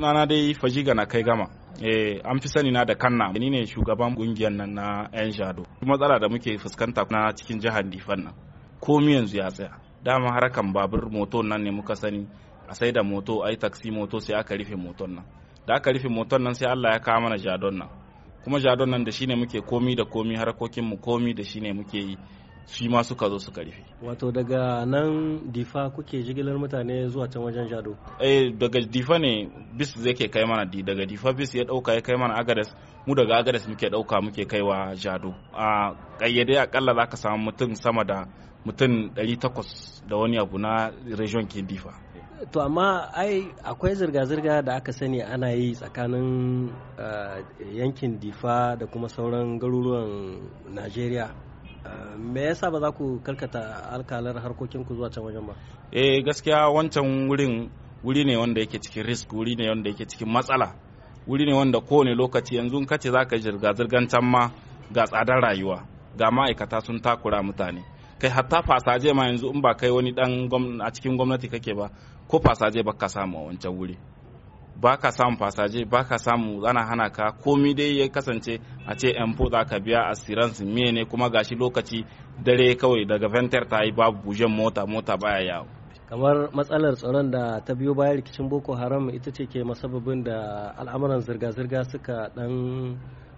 sunana dai fajiga na kai gama eh an fi sani na da kanna ni ne shugaban kungiyar nan na yan shado matsala da muke fuskanta na cikin jihar difan nan komi yanzu ya tsaya dama harakan babur moto nan ne muka sani a sai da moto ai taxi moto sai aka rufe moton nan da aka rufe moton nan sai Allah ya kawo mana jadon nan kuma jadon nan da shine muke komi da komi harkokin mu komi da shine muke yi shi ma suka zo suka rufe wato daga nan difa kuke jigilar mutane zuwa can wajen jado eh daga difa ne bis zai ke kai mana daga difa bis ya dauka ya kai mana agadas mu daga agadas muke dauka muke kaiwa jado a kayyade akalla ka samu mutum sama da mutum 800 da wani abu na region ke difa to amma ai akwai zirga-zirga da aka sani ana yi tsakanin eh, yankin difa da kuma sauran garuruwan najeriya me yasa ba za ku karkata alkalar harkokin ku zuwa can wajen ba eh gaskiya wancan wurin wuri ne wanda yake cikin risk wuri ne wanda yake cikin matsala wuri ne wanda kowane lokaci yanzu in kace za ka zirga zirgan can ma ga tsadar rayuwa ga ma'aikata sun takura mutane kai hatta fasaje ma yanzu in ba kai wani dan a cikin gwamnati kake ba ko fasaje ba ka samu a wancan wuri ba ka samun fasaje ba ka samu ana hana ka komi dai ya kasance a ce empo za ka biya a siransu miye ne kuma gashi lokaci dare kawai daga ventar ta yi babu bujen mota mota baya yawo kamar matsalar tsaron da ta biyo bayan rikicin boko haram ita ce ke masababin da al'amuran zirga-zirga suka dan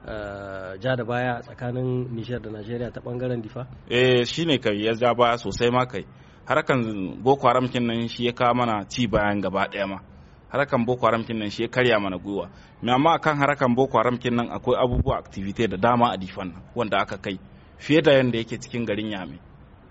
eh, ja da baya tsakanin nijar da najeriya ta bangaren difa eh shine kai ya ja baya sosai ma kai harkan boko haram kin nan shi ya kawo mana ci bayan gaba daya ma harakan boko haram kin nan shi ya karya mana gwiwa me amma akan harakan boko haram kin nan akwai abubuwa activity da dama a difan wanda aka kai fiye da yanda yake cikin garin yame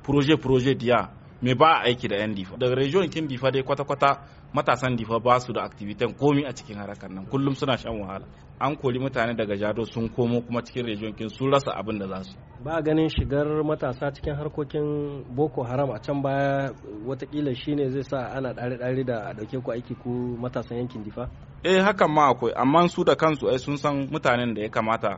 proje proje dia me ba aiki da yan difa daga region kin difa dai kwata kwata matasan difa ba su da activitan komi a cikin harakan nan kullum suna shan wahala an koli mutane daga jado sun komo kuma cikin region kin sun rasa abin da za su ba ganin shigar matasa cikin harkokin boko haram a can baya watakila shine zai sa ana ɗare da a ɗauke ku aiki ku matasan yankin difa eh hakan ma akwai amma su da kansu ai sun san mutanen da ya kamata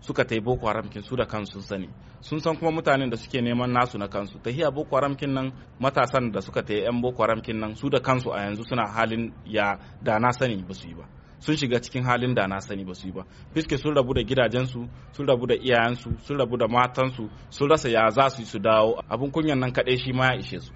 suka tai boko haram kin su da kansu sun sani sun san kuma mutanen da suke neman nasu na kansu tahiya boko haram kin nan matasan da suka tai yan boko haram kin nan su da kansu a yanzu suna halin ya da na sani ba su yi ba sun shiga cikin halin da na sani ba su yi ba fiske sun rabu da gidajensu sun rabu da iyayensu sun rabu da matansu sun rasa ya za su yi su dawo abin kunyan nan kaɗai shi ma ya ishe su